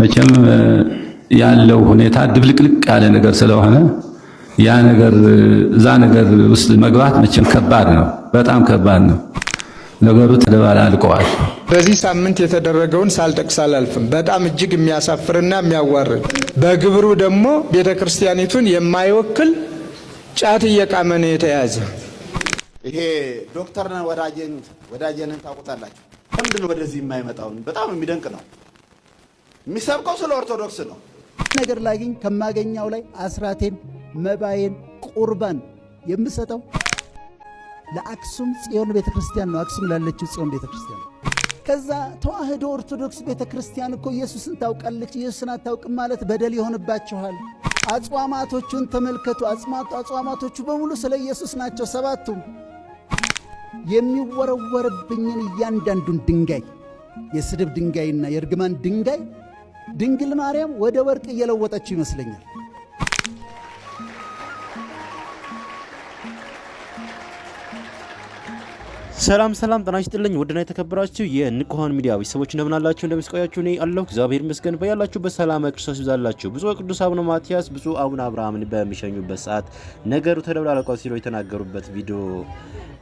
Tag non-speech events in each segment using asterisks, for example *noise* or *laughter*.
መቼም ያለው ሁኔታ ድብልቅልቅ ያለ ነገር ስለሆነ ያ ነገር እዛ ነገር ውስጥ መግባት መቼም ከባድ ነው፣ በጣም ከባድ ነው። ነገሩ ተደባላልቀዋል። በዚህ ሳምንት የተደረገውን ሳልጠቅስ አላልፍም። በጣም እጅግ የሚያሳፍርና የሚያዋርድ በግብሩ ደግሞ ቤተ ክርስቲያኒቱን የማይወክል ጫት እየቃመ ነው የተያዘ። ይሄ ዶክተር ወዳጄን ታውቁታላችሁ። ምንድን ወደዚህ የማይመጣውን በጣም የሚደንቅ ነው። የሚሰብከው ስለ ኦርቶዶክስ ነው። ነገር ላይ ግን ከማገኛው ላይ አስራቴን፣ መባዬን፣ ቁርባን የምሰጠው ለአክሱም ጽዮን ቤተ ክርስቲያን ነው። አክሱም ላለችው ጽዮን ቤተ ክርስቲያን ነው። ከዛ ተዋህዶ ኦርቶዶክስ ቤተ ክርስቲያን እኮ ኢየሱስን ታውቃለች፣ ኢየሱስን አታውቅም ማለት በደል ይሆንባችኋል። አጽዋማቶቹን ተመልከቱ። አጽዋማቶቹ በሙሉ ስለ ኢየሱስ ናቸው። ሰባቱም የሚወረወርብኝን እያንዳንዱን ድንጋይ የስድብ ድንጋይና የእርግማን ድንጋይ ድንግል ማርያም ወደ ወርቅ እየለወጠችው ይመስለኛል። ሰላም ሰላም ጤና ይስጥልኝ ውድና የተከበራችሁ የንቁሃን ሚዲያ ቤተሰቦች እንደምናላችሁ እንደምስቆያችሁ እኔ አለሁ እግዚአብሔር ይመስገን። በያላችሁ በሰላም ክርስቶስ ይብዛላችሁ። ብፁዕ ቅዱስ አቡነ ማትያስ ብፁዕ አቡነ አብርሃምን በሚሸኙበት ሰዓት ነገሩ ተደብላለቀው ሲሉ የተናገሩበት ቪዲዮ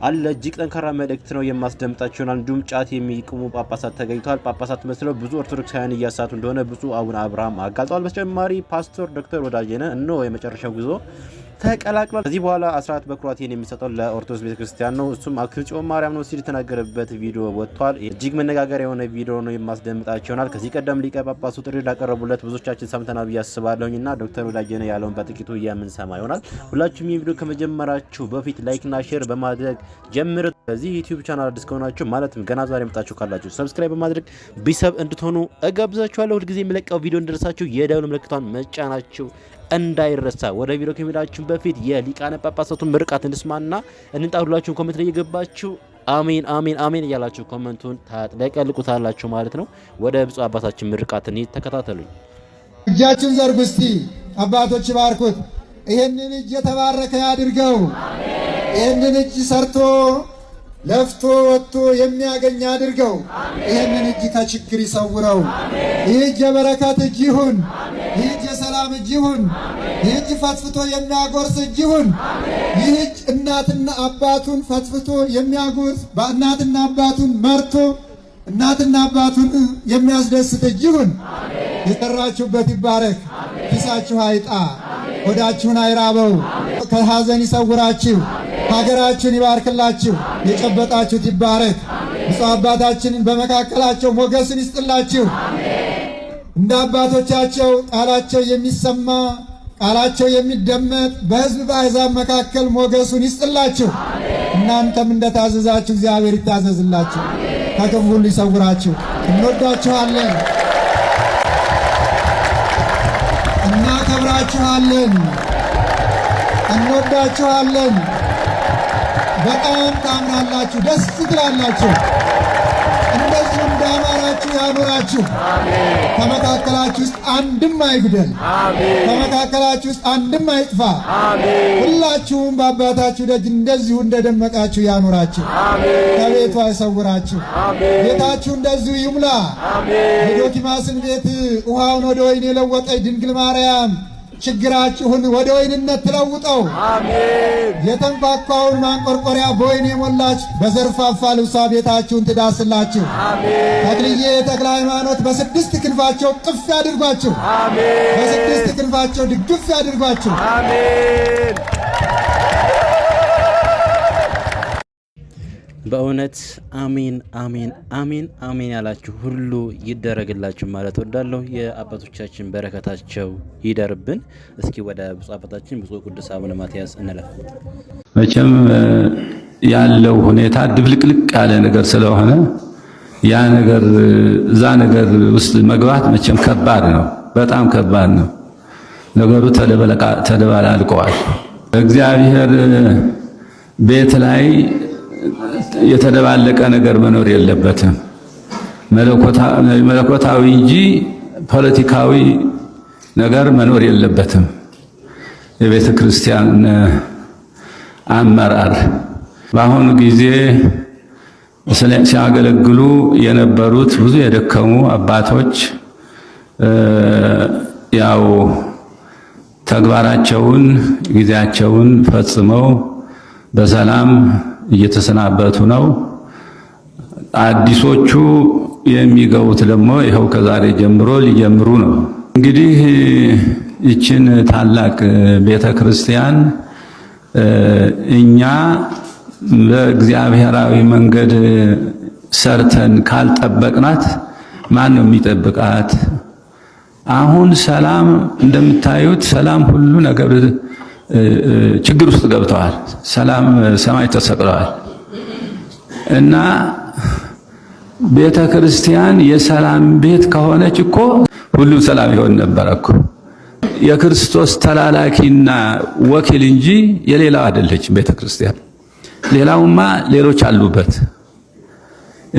አለ። እጅግ ጠንካራ መልእክት ነው የማስደምጣችሁን። እንዲሁም ጫት የሚቅሙ ጳጳሳት ተገኝተዋል። ጳጳሳት መስለው ብዙ ኦርቶዶክሳውያን እያሳቱ እንደሆነ ብፁዕ አቡነ አብርሃም አጋልጠዋል። በተጨማሪ ፓስተር ዶክተር ወዳጄነህ እነሆ የመጨረሻው ጉዞ ተቀላቅሏል። ከዚህ በኋላ አስራት በኩራቴን የሚሰጠው ለኦርቶዶክስ ቤተክርስቲያን ነው። እሱም አክሲዮን ማርያም ነው ሲል የተናገረበት ቪዲዮ ወጥቷል። እጅግ መነጋገር የሆነ ቪዲዮ ነው የማስደምጣቸው ይሆናል። ከዚህ ቀደም ሊቀ ጳጳሱ ጥሪ እንዳቀረቡለት ብዙዎቻችን ሰምተናል ብዬ አስባለሁኝ እና ዶክተር ወዳጄነህ ያለውን በጥቂቱ የምንሰማ ይሆናል። ሁላችሁም ይህ ቪዲዮ ከመጀመራችሁ በፊት ላይክና ሼር በማድረግ ጀምር በዚህ ዩቲዩብ ቻናል አዲስ ከሆናችሁ ማለትም ገና ዛሬ መጣችሁ ካላችሁ ሰብስክራይብ በማድረግ ቤተሰብ እንድትሆኑ እጋብዛችኋለሁ። ሁልጊዜ የሚለቀው ቪዲዮ እንደደረሳችሁ የደውል ምልክቷን መጫናችሁ እንዳይረሳ። ወደ ቪዲዮ ከመሄዳችን በፊት የሊቃነ ጳጳሳቱን ምርቃት እንስማና እንንጣ። ሁላችሁም ኮሜንት ላይ እየገባችሁ አሜን አሜን አሜን እያላችሁ ኮመንቱን ታጥለቀልቁታላችሁ ማለት ነው። ወደ ብፁዕ አባታችን ምርቃትን ተከታተሉኝ። እጃችን ዘርጉ እስቲ አባቶች ባርኩት። ይህንን እጅ የተባረከ አድርገው። ይህንን እጅ ሰርቶ ለፍቶ ወጥቶ የሚያገኝ አድርገው። ይህንን እጅ ከችግር ይሰውረው። ይህ እጅ የበረከት እጅ ይሁን። ይህ እጅ የሰላም እጅ ይሁን። ይህ እጅ ፈትፍቶ የሚያጎርስ እጅ ይሁን። ይህ እጅ እናትና አባቱን ፈትፍቶ የሚያጎርስ በእናትና አባቱን መርቶ እናትና አባቱን የሚያስደስት እጅ ይሁን። የሰራችሁበት ይባረክ። ኪሳችሁ አይጣ፣ ሆዳችሁን አይራበው፣ ከሐዘን ይሰውራችሁ። ሀገራችን ይባርክላችሁ፣ የጨበጣችሁት ይባረክ። ብፁዕ አባታችንን በመካከላቸው ሞገስን ይስጥላችሁ። እንደ አባቶቻቸው ቃላቸው የሚሰማ ቃላቸው የሚደመጥ በሕዝብ በአሕዛብ መካከል ሞገሱን ይስጥላችሁ። እናንተም እንደታዘዛችሁ እግዚአብሔር ይታዘዝላችሁ፣ ከክፉ ሁሉ ይሰውራችሁ። እንወዳችኋለን፣ እናከብራችኋለን፣ እንወዳችኋለን። በጣም ታምራላችሁ፣ ደስ ትላላችሁ። እንደዚህ እንዳማራችሁ አሜን። ከመካከላችሁ ውስጥ አንድም አይጉደል። ከመካከላችሁ ውስጥ አንድም አይጥፋ። ሁላችሁም በአባታችሁ ደጅ እንደዚሁ እንደደመቃችሁ አሜን። ከቤቱ አይሰውራችሁ። ቤታችሁ እንደዚሁ ይሙላ። የዶኪማስን ቤት ውሃውን ወደ ወይን የለወጠች ድንግል ማርያም ችግራችሁን ወደ ወይንነት ትለውጠው። የተንኳኳውን ማንቆርቆሪያ በወይን የሞላች በዘርፋፋ ልብሷ ቤታችሁን ትዳስላችሁ። ተክልዬ ተክለ ሃይማኖት በስድስት ክንፋቸው ቅፍ ያድርጓችሁ። በስድስት ክንፋቸው ድግፍ ያድርጓችሁ። በእውነት አሜን አሜን አሜን አሜን ያላችሁ ሁሉ ይደረግላችሁ ማለት ወዳለሁ። የአባቶቻችን በረከታቸው ይደርብን። እስኪ ወደ ብፁዕ አባታችን ብፁዕ ቅዱስ አቡነ ማትያስ እንለፍ። መቼም ያለው ሁኔታ ድብልቅልቅ ያለ ነገር ስለሆነ ያ ነገር እዛ ነገር ውስጥ መግባት መቼም ከባድ ነው፣ በጣም ከባድ ነው። ነገሩ ተደበላልቀዋል። እግዚአብሔር ቤት ላይ የተደባለቀ ነገር መኖር የለበትም። መለኮታዊ እንጂ ፖለቲካዊ ነገር መኖር የለበትም። የቤተ ክርስቲያን አመራር በአሁኑ ጊዜ ሲያገለግሉ የነበሩት ብዙ የደከሙ አባቶች ያው ተግባራቸውን ጊዜያቸውን ፈጽመው በሰላም እየተሰናበቱ ነው። አዲሶቹ የሚገቡት ደግሞ ይኸው ከዛሬ ጀምሮ ሊጀምሩ ነው። እንግዲህ ይችን ታላቅ ቤተ ክርስቲያን እኛ በእግዚአብሔራዊ መንገድ ሰርተን ካልጠበቅናት ማን ነው የሚጠብቃት? አሁን ሰላም እንደምታዩት ሰላም ሁሉ ነገር ችግር ውስጥ ገብተዋል። ሰላም ሰማይ ተሰቅለዋል እና ቤተ ክርስቲያን የሰላም ቤት ከሆነች እኮ ሁሉም ሰላም ይሆን ነበረ እኮ። የክርስቶስ ተላላኪና ወኪል እንጂ የሌላው አይደለች ቤተ ክርስቲያን። ሌላውማ ሌሎች አሉበት።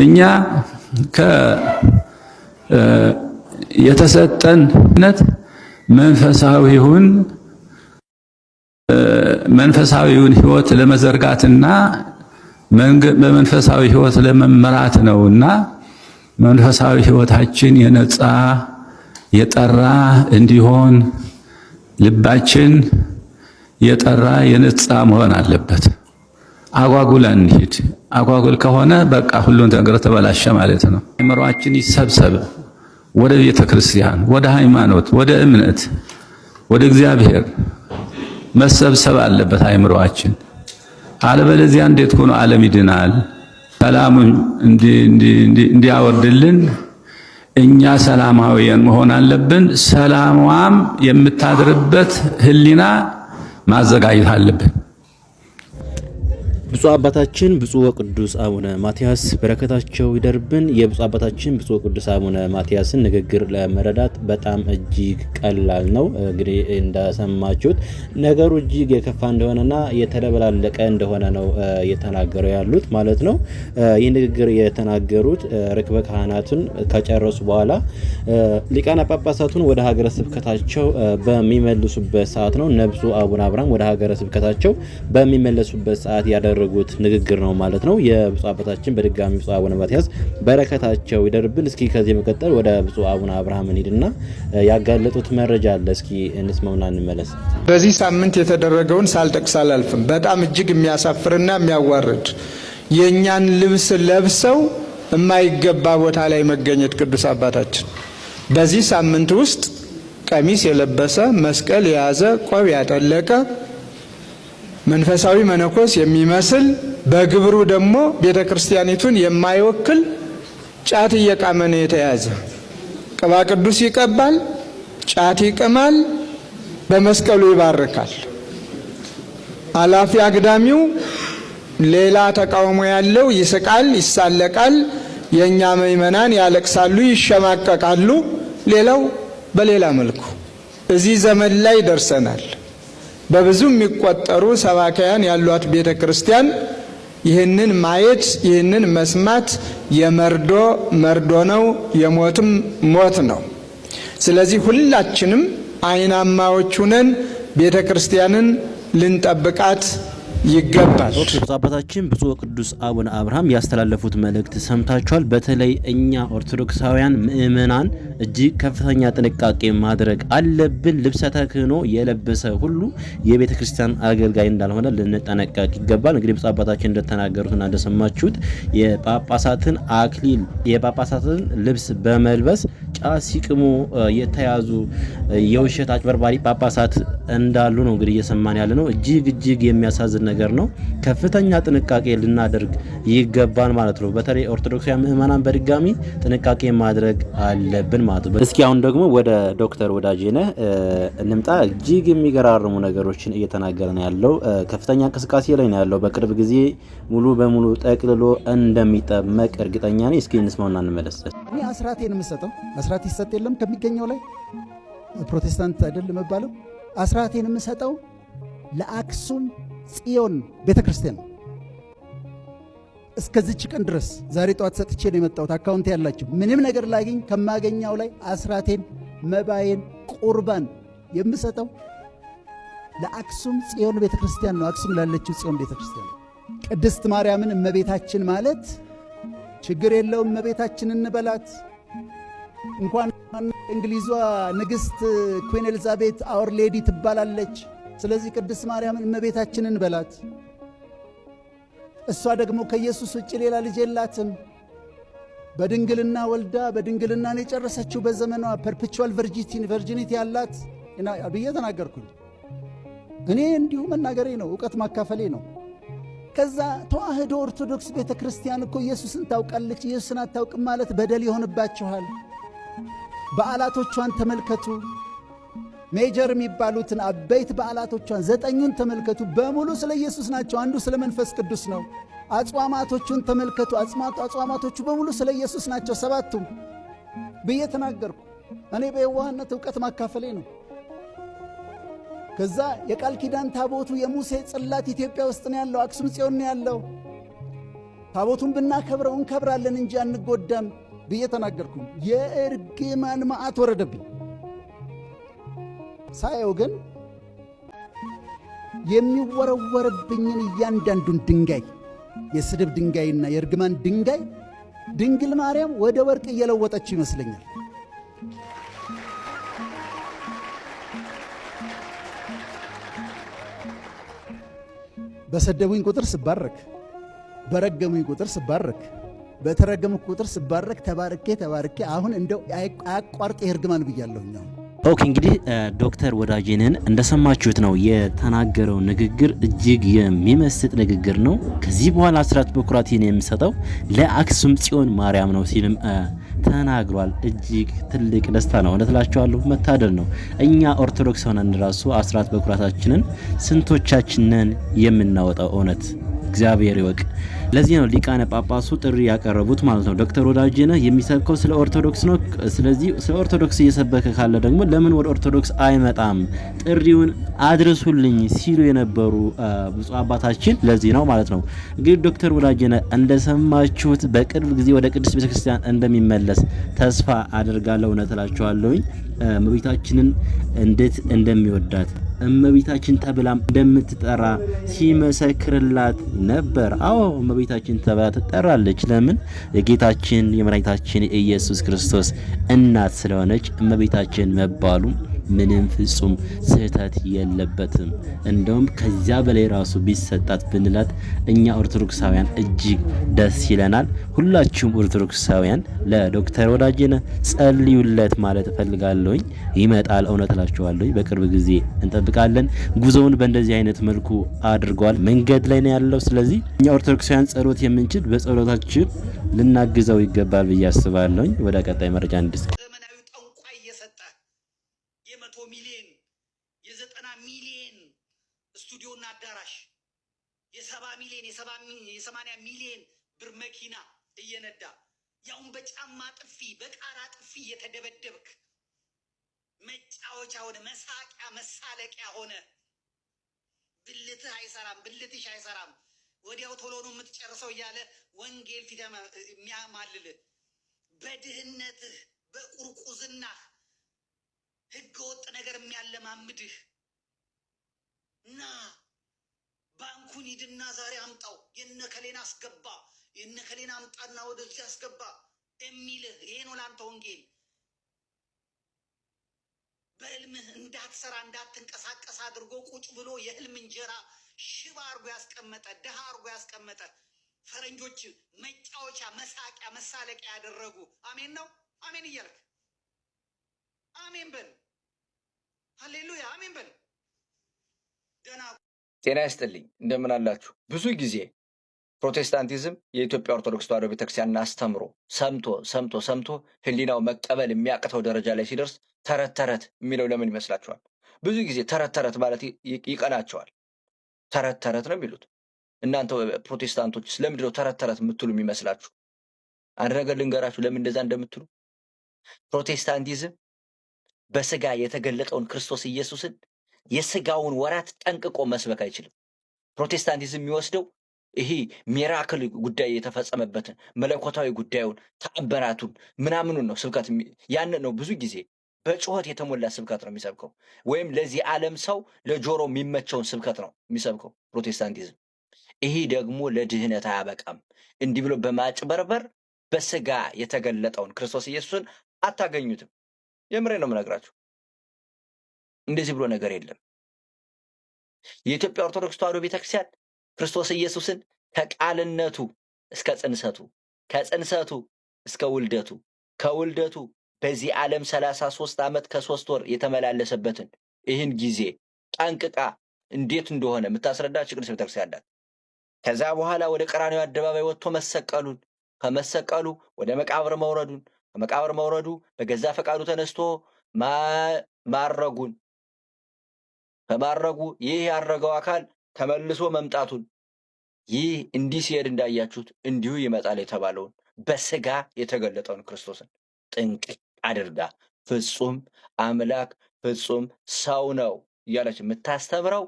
እኛ የተሰጠን ነት መንፈሳዊውን መንፈሳዊውን ህይወት ለመዘርጋትና በመንፈሳዊ ህይወት ለመመራት ነውና መንፈሳዊ ህይወታችን የነጻ የጠራ እንዲሆን ልባችን የጠራ የነጻ መሆን አለበት። አጓጉል አንሂድ። አጓጉል ከሆነ በቃ ሁሉን ነገር ተበላሸ ማለት ነው። አእምሯችን ይሰብሰብ ወደ ቤተ ክርስቲያን፣ ወደ ሃይማኖት፣ ወደ እምነት፣ ወደ እግዚአብሔር መሰብሰብ አለበት አይምሮአችን። አለበለዚያ እንዴት ሆኖ ዓለም ይድናል? ሰላም እንዲያወርድልን እኛ ሰላማዊያን መሆን አለብን። ሰላሟም የምታድርበት ህሊና ማዘጋጀት አለብን። ብፁዕ አባታችን ብፁዕ ወቅዱስ አቡነ ማትያስ በረከታቸው ይደርብን። የብፁዕ አባታችን ብፁዕ ወቅዱስ አቡነ ማትያስን ንግግር ለመረዳት በጣም እጅግ ቀላል ነው። እንግዲህ እንደሰማችሁት ነገሩ እጅግ የከፋ እንደሆነና የተደበላለቀ እንደሆነ ነው እየተናገሩ ያሉት ማለት ነው። ይህ ንግግር የተናገሩት ርክበ ካህናቱን ከጨረሱ በኋላ ሊቃነ ጳጳሳቱን ወደ ሀገረ ስብከታቸው በሚመልሱበት ሰዓት ነው። ነብሱ አቡነ አብርሃም ወደ ሀገረ ስብከታቸው በሚመለሱበት ሰዓት ያደረ ያደረጉት ንግግር ነው ማለት ነው። የብፁዕ አባታችን በድጋሚ ብፁዕ አቡነ ማትያስ በረከታቸው ይደርብን። እስኪ ከዚህ መቀጠል ወደ ብፁዕ አቡነ አብርሃም እንሂድና ያጋለጡት መረጃ አለ። እስኪ እንስመውና እንመለስ። በዚህ ሳምንት የተደረገውን ሳልጠቅስ አላልፍም። በጣም እጅግ የሚያሳፍርና የሚያዋርድ የእኛን ልብስ ለብሰው የማይገባ ቦታ ላይ መገኘት ቅዱስ አባታችን በዚህ ሳምንት ውስጥ ቀሚስ የለበሰ መስቀል የያዘ ቆብ ያጠለቀ መንፈሳዊ መነኮስ የሚመስል በግብሩ ደግሞ ቤተ ክርስቲያኒቱን የማይወክል ጫት እየቃመ ነው የተያዘ። ቅባ ቅዱስ ይቀባል፣ ጫት ይቅማል፣ በመስቀሉ ይባርካል። አላፊ አግዳሚው ሌላ ተቃውሞ ያለው ይስቃል፣ ይሳለቃል። የእኛ ምዕመናን ያለቅሳሉ፣ ይሸማቀቃሉ። ሌላው በሌላ መልኩ እዚህ ዘመን ላይ ደርሰናል። በብዙ የሚቆጠሩ ሰባካያን ያሏት ቤተ ክርስቲያን ይህንን ማየት ይህንን መስማት የመርዶ መርዶ ነው፣ የሞትም ሞት ነው። ስለዚህ ሁላችንም አይናማዎች ሁነን ቤተ ክርስቲያንን ልንጠብቃት ይገባል። አባታችን ብፁዕ ቅዱስ አቡነ አብርሃም ያስተላለፉት መልእክት ሰምታችኋል። በተለይ እኛ ኦርቶዶክሳውያን ምእመናን እጅግ ከፍተኛ ጥንቃቄ ማድረግ አለብን። ልብሰ ተክህኖ የለበሰ ሁሉ የቤተ ክርስቲያን አገልጋይ እንዳልሆነ ልንጠነቀቅ ይገባል። እንግዲህ ብፁዕ አባታችን እንደተናገሩትና እንደሰማችሁት የጳጳሳትን አክሊል የጳጳሳትን ልብስ በመልበስ ጫት ሲቅሙ የተያዙ የውሸት አጭበርባሪ ጳጳሳት እንዳሉ ነው እንግዲህ እየሰማን ያለ ነው። እጅግ እጅግ የሚያሳዝን ነገር ነው። ከፍተኛ ጥንቃቄ ልናደርግ ይገባን ማለት ነው። በተለይ ኦርቶዶክሳውያን ምእመናን በድጋሚ ጥንቃቄ ማድረግ አለብን ማለት ነው። እስኪ አሁን ደግሞ ወደ ዶክተር ወዳጄነህ እንምጣ። እጅግ የሚገራርሙ ነገሮችን እየተናገረ ነው ያለው። ከፍተኛ እንቅስቃሴ ላይ ነው ያለው። በቅርብ ጊዜ ሙሉ በሙሉ ጠቅልሎ እንደሚጠመቅ እርግጠኛ ነኝ። እስኪ እንስማውና እንመለስ። እኔ ነው የምሰጠው አስራት ይሰጥ የለም ከሚገኘው ላይ ፕሮቴስታንት አይደል የምባለው አስራቴን የምሰጠው ለአክሱም ጽዮን ቤተ ክርስቲያን እስከዚች ቀን ድረስ ዛሬ ጠዋት ሰጥቼ ነው የመጣሁት። አካውንት ያላችሁ ምንም ነገር ላገኝ ከማገኛው ላይ አስራቴን፣ መባዬን፣ ቁርባን የምሰጠው ለአክሱም ጽዮን ቤተ ክርስቲያን ነው። አክሱም ላለችው ጽዮን ቤተ ክርስቲያን ቅድስት ማርያምን እመቤታችን ማለት ችግር የለውም እመቤታችን እንበላት እንኳን እንግሊዟ ንግሥት ኩን ኤልዛቤት አወር ሌዲ ትባላለች። ስለዚህ ቅድስት ማርያምን እመቤታችንን በላት። እሷ ደግሞ ከኢየሱስ ውጭ ሌላ ልጅ የላትም። በድንግልና ወልዳ በድንግልና ነው የጨረሰችው። በዘመኗ ፐርፔቹዋል ቨርጂኒቲ ያላት ብዬ ተናገርኩኝ። እኔ እንዲሁ መናገሬ ነው፣ እውቀት ማካፈሌ ነው። ከዛ ተዋህዶ ኦርቶዶክስ ቤተ ክርስቲያን እኮ ኢየሱስን ታውቃለች፣ ኢየሱስን አታውቅም ማለት በደል ይሆንባችኋል። በዓላቶቿን ተመልከቱ። ሜጀር የሚባሉትን አበይት በዓላቶቿን ዘጠኙን ተመልከቱ። በሙሉ ስለ ኢየሱስ ናቸው። አንዱ ስለ መንፈስ ቅዱስ ነው። አጽዋማቶቹን ተመልከቱ። አጽዋማቶቹ በሙሉ ስለ ኢየሱስ ናቸው። ሰባቱም ብዬ ተናገርኩ። እኔ በየዋህነት እውቀት ማካፈሌ ነው። ከዛ የቃል ኪዳን ታቦቱ የሙሴ ጽላት ኢትዮጵያ ውስጥ ነው ያለው፣ አክሱም ጽዮን ነው ያለው። ታቦቱን ብናከብረው እንከብራለን እንጂ አንጎዳም ብዬ ተናገርኩም። የእርግማን መዓት ወረደብኝ። ሳየው ግን የሚወረወርብኝን እያንዳንዱን ድንጋይ የስድብ ድንጋይና የእርግማን ድንጋይ ድንግል ማርያም ወደ ወርቅ እየለወጠችው ይመስለኛል። በሰደቡኝ ቁጥር ስባረክ፣ በረገሙኝ ቁጥር ስባረክ፣ በተረገሙ ቁጥር ስባረክ፣ ተባርኬ ተባርኬ አሁን እንደው አያቋርጥ የእርግማን ብያለሁኛው ኦኬ እንግዲህ ዶክተር ወዳጄንን እንደሰማችሁት ነው የተናገረው ንግግር እጅግ የሚመስጥ ንግግር ነው። ከዚህ በኋላ አስራት በኩራቴን የምሰጠው ለአክሱም ጽዮን ማርያም ነው ሲልም ተናግሯል። እጅግ ትልቅ ደስታ ነው። እውነት መታደል ነው። እኛ ኦርቶዶክስ ሆነን ራሱ አስራት በኩራታችንን ስንቶቻችንን የምናወጣው? እውነት እግዚአብሔር ይወቅ። ለዚህ ነው ሊቃነ ጳጳሱ ጥሪ ያቀረቡት ማለት ነው። ዶክተር ወዳጄነህ የሚሰብከው ስለ ኦርቶዶክስ ነው። ስለዚህ ስለ ኦርቶዶክስ እየሰበከ ካለ ደግሞ ለምን ወደ ኦርቶዶክስ አይመጣም? ጥሪውን አድርሱልኝ ሲሉ የነበሩ ብፁዕ አባታችን ለዚህ ነው ማለት ነው። እንግዲህ ዶክተር ወዳጄነህ እንደሰማችሁት በቅርብ ጊዜ ወደ ቅድስት ቤተክርስቲያን እንደሚመለስ ተስፋ አድርጋለሁ። እውነት እላችኋለሁኝ እመቤታችንን እንዴት እንደሚወዳት እመቤታችን ተብላ እንደምትጠራ ሲመሰክርላት ነበር። አዎ እመቤታችን ተብላ ትጠራለች። ለምን? የጌታችን የመድኃኒታችን ኢየሱስ ክርስቶስ እናት ስለሆነች እመቤታችን መባሉ ምንም ፍጹም ስህተት የለበትም። እንደውም ከዚያ በላይ ራሱ ቢሰጣት ብንላት እኛ ኦርቶዶክሳውያን እጅግ ደስ ይለናል። ሁላችሁም ኦርቶዶክሳውያን ለዶክተር ወዳጄነህ ጸልዩለት ማለት እፈልጋለሁኝ። ይመጣል፣ እውነት እላችኋለሁ። በቅርብ ጊዜ እንጠብቃለን። ጉዞውን በእንደዚህ አይነት መልኩ አድርጓል። መንገድ ላይ ነው ያለው። ስለዚህ እኛ ኦርቶዶክሳውያን ጸሎት የምንችል በጸሎታችን ልናግዘው ይገባል ብዬ አስባለሁኝ። ወደ ቀጣይ መረጃ እንድስ የሰማንያ ሚሊዮን ብር መኪና እየነዳ ያውን በጫማ ጥፊ በቃራ ጥፊ እየተደበደብክ መጫወቻ ሆነ፣ መሳቂያ መሳለቂያ ሆነ። ብልትህ አይሰራም፣ ብልትሽ አይሰራም፣ ወዲያው ቶሎ ነው የምትጨርሰው እያለ ወንጌል ፊት የሚያማልል በድህነትህ በቁርቁዝናህ ህገወጥ ነገር የሚያለማምድህ ና ባንኩን ሂድና ዛሬ አምጣው፣ የነከሌን አስገባ፣ የነከሌን አምጣና ወደዚህ አስገባ የሚልህ ይሄ ነው ለአንተ ወንጌል። በህልምህ እንዳትሰራ እንዳትንቀሳቀስ አድርጎ ቁጭ ብሎ የህልም እንጀራ ሽባ አድርጎ ያስቀመጠ ድሃ አድርጎ ያስቀመጠ ፈረንጆች መጫወቻ መሳቂያ መሳለቂያ ያደረጉ አሜን ነው አሜን እያልክ አሜን በል ሀሌሉያ አሜን በል ደና ጤና ይስጥልኝ እንደምን አላችሁ። ብዙ ጊዜ ፕሮቴስታንቲዝም የኢትዮጵያ ኦርቶዶክስ ተዋህዶ ቤተክርስቲያን አስተምሮ ሰምቶ ሰምቶ ሰምቶ ህሊናው መቀበል የሚያቅተው ደረጃ ላይ ሲደርስ ተረት ተረት የሚለው ለምን ይመስላችኋል? ብዙ ጊዜ ተረት ተረት ማለት ይቀናቸዋል። ተረት ተረት ነው የሚሉት። እናንተ ፕሮቴስታንቶች ስለምንድነው ተረት ተረት የምትሉ የሚመስላችሁ? አንድ ነገር ልንገራችሁ ለምን እንደዛ እንደምትሉ። ፕሮቴስታንቲዝም በስጋ የተገለጠውን ክርስቶስ ኢየሱስን የስጋውን ወራት ጠንቅቆ መስበክ አይችልም። ፕሮቴስታንቲዝም የሚወስደው ይሄ ሚራክል ጉዳይ የተፈጸመበትን መለኮታዊ ጉዳዩን ተአበራቱን ምናምኑን ነው ስብከት። ያንን ነው ብዙ ጊዜ በጩኸት የተሞላ ስብከት ነው የሚሰብከው፣ ወይም ለዚህ ዓለም ሰው ለጆሮ የሚመቸውን ስብከት ነው የሚሰብከው ፕሮቴስታንቲዝም። ይሄ ደግሞ ለድህነት አያበቃም። እንዲህ ብሎ በማጭበርበር በስጋ የተገለጠውን ክርስቶስ ኢየሱስን አታገኙትም። የምሬ ነው የምነግራችሁ። እንደዚህ ብሎ ነገር የለም። የኢትዮጵያ ኦርቶዶክስ ተዋሕዶ ቤተክርስቲያን ክርስቶስ ኢየሱስን ከቃልነቱ እስከ ጽንሰቱ፣ ከጽንሰቱ እስከ ውልደቱ፣ ከውልደቱ በዚህ ዓለም ሰላሳ ሶስት ዓመት ከሶስት ወር የተመላለሰበትን ይህን ጊዜ ጠንቅቃ እንዴት እንደሆነ የምታስረዳ ችግር ቤተክርስቲያን ናት። ከዛ በኋላ ወደ ቀራኒው አደባባይ ወጥቶ መሰቀሉን ከመሰቀሉ ወደ መቃብር መውረዱን ከመቃብር መውረዱ በገዛ ፈቃዱ ተነስቶ ማረጉን በማረጉ ይህ ያረገው አካል ተመልሶ መምጣቱን ይህ እንዲህ ሲሄድ እንዳያችሁት እንዲሁ ይመጣል የተባለውን በስጋ የተገለጠውን ክርስቶስን ጥንቅቅ አድርጋ ፍጹም አምላክ ፍጹም ሰው ነው እያለች የምታስተምረው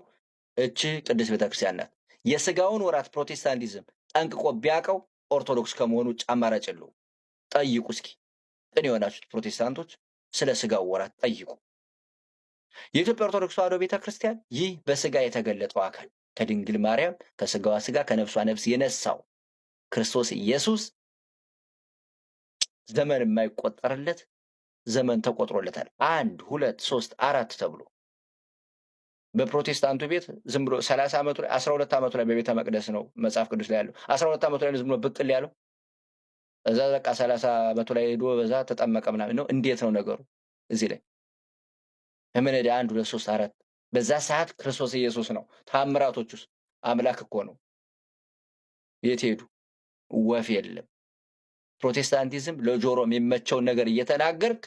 እቺ ቅድስት ቤተክርስቲያን ናት። የስጋውን ወራት ፕሮቴስታንቲዝም ጠንቅቆ ቢያውቀው ኦርቶዶክስ ከመሆኑ ውጭ አማራጭ የለውም። ጠይቁ እስኪ ቅን የሆናችሁት ፕሮቴስታንቶች ስለ ስጋው ወራት ጠይቁ። የኢትዮጵያ ኦርቶዶክስ ተዋሕዶ ቤተ ክርስቲያን ይህ በስጋ የተገለጠው አካል ከድንግል ማርያም ከስጋዋ ስጋ ከነፍሷ ነፍስ የነሳው ክርስቶስ ኢየሱስ ዘመን የማይቆጠርለት ዘመን ተቆጥሮለታል። አንድ ሁለት ሶስት አራት ተብሎ በፕሮቴስታንቱ ቤት ዝም ብሎ ሰላሳ ዓመቱ ላይ አስራ ሁለት ዓመቱ ላይ በቤተ መቅደስ ነው መጽሐፍ ቅዱስ ላይ ያለው አስራ ሁለት ዓመቱ ላይ ዝም ብሎ ብቅል ያለው እዛ በቃ ሰላሳ ዓመቱ ላይ ሄዶ በዛ ተጠመቀ ምናምን ነው። እንዴት ነው ነገሩ እዚህ ላይ? እምንድ አንድ ሁለት ሶስት አራት በዛ ሰዓት ክርስቶስ ኢየሱስ ነው። ታምራቶች ውስጥ አምላክ እኮ ነው። የት ሄዱ? ወፍ የለም። ፕሮቴስታንቲዝም ለጆሮ የሚመቸውን ነገር እየተናገርክ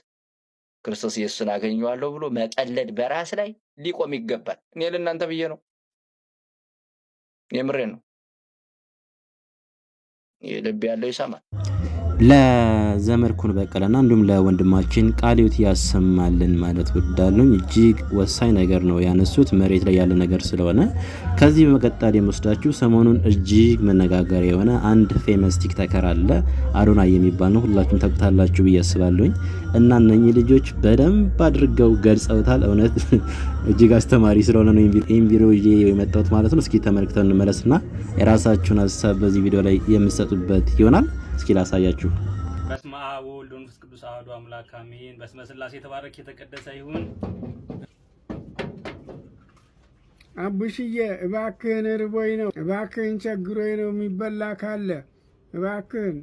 ክርስቶስ ኢየሱስን አገኘዋለሁ ብሎ መቀለድ በራስ ላይ ሊቆም ይገባል። እኔ ለእናንተ ብዬ ነው፣ የምሬ ነው። ልብ ያለው ይሰማል። ለዘመድኩን በቀለና እንዲሁም ለወንድማችን ቃሊዮት ያሰማልን ማለት ወዳለኝ እጅግ ወሳኝ ነገር ነው ያነሱት፣ መሬት ላይ ያለ ነገር ስለሆነ። ከዚህ በመቀጠል የምወስዳችሁ ሰሞኑን እጅግ መነጋገር የሆነ አንድ ፌመስ ቲክቶከር አለ አዶና የሚባል ነው። ሁላችሁም ታውቁታላችሁ ብዬ አስባለሁኝ። እና እነኚህ ልጆች በደንብ አድርገው ገልጸውታል። እውነት *laughs* እጅግ አስተማሪ ስለሆነ ነው ይህን ቪዲዮ የመጣሁት ማለት ነው። እስኪ ተመልክተው እንመለስና የራሳችሁን ሀሳብ በዚህ ቪዲዮ ላይ የምሰጡበት ይሆናል። እስኪ ላሳያችሁ። በስመ አብ ወወልድ ወመንፈስ ቅዱስ አሐዱ አምላክ አሜን። በስመ ሥላሴ የተባረክ የተቀደሰ ይሁን። አቡሽዬ እባክህን ርቦኝ ነው፣ እባክህን ቸግሮኝ ነው፣ የሚበላ ካለ እባክህን።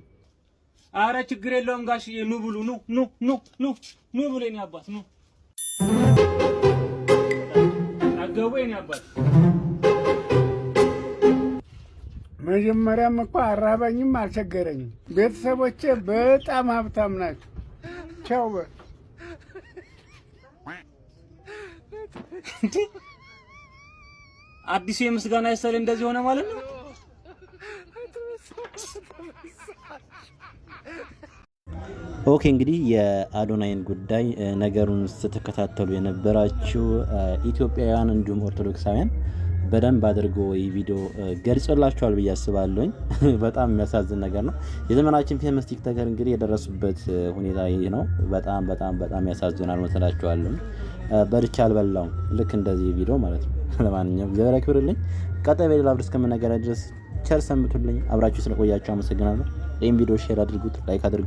አረ ችግር የለውም ጋሽዬ፣ ኑ ብሉ፣ ኑ ኑ ኑ ኑ ኑ ብሉ የኔ አባት ኑ አገቡ የኔ አባት መጀመሪያም እኮ አራበኝም አልቸገረኝም። ቤተሰቦቼ በጣም ሀብታም ናቸው። ቻው አዲሱ የምስጋና ስታይል እንደዚህ ሆነ ማለት ነው። ኦኬ እንግዲህ የአዶናይን ጉዳይ ነገሩን ስትከታተሉ የነበራችሁ ኢትዮጵያውያን እንዲሁም ኦርቶዶክሳውያን በደንብ አድርጎ ይህ ቪዲዮ ገልጾላችኋል ብዬ አስባለሁኝ። *laughs* በጣም የሚያሳዝን ነገር ነው። የዘመናችን ፌመስ ቲክቶከር እንግዲህ የደረሱበት ሁኔታ ይህ ነው። በጣም በጣም በጣም ያሳዝናል መሰላችኋለሁ። በልቼ አልበላውም ልክ እንደዚህ ቪዲዮ ማለት ነው። *laughs* ለማንኛውም እግዚአብሔር ያክብርልኝ። ቀጣይ በሌላ ብር እስከምንገናኝ ድረስ ቸር ሰንብቱልኝ። አብራችሁ ስለቆያቸው አመሰግናለሁ። ይህም ቪዲዮ ሼር አድርጉት፣ ላይክ አድርጉት።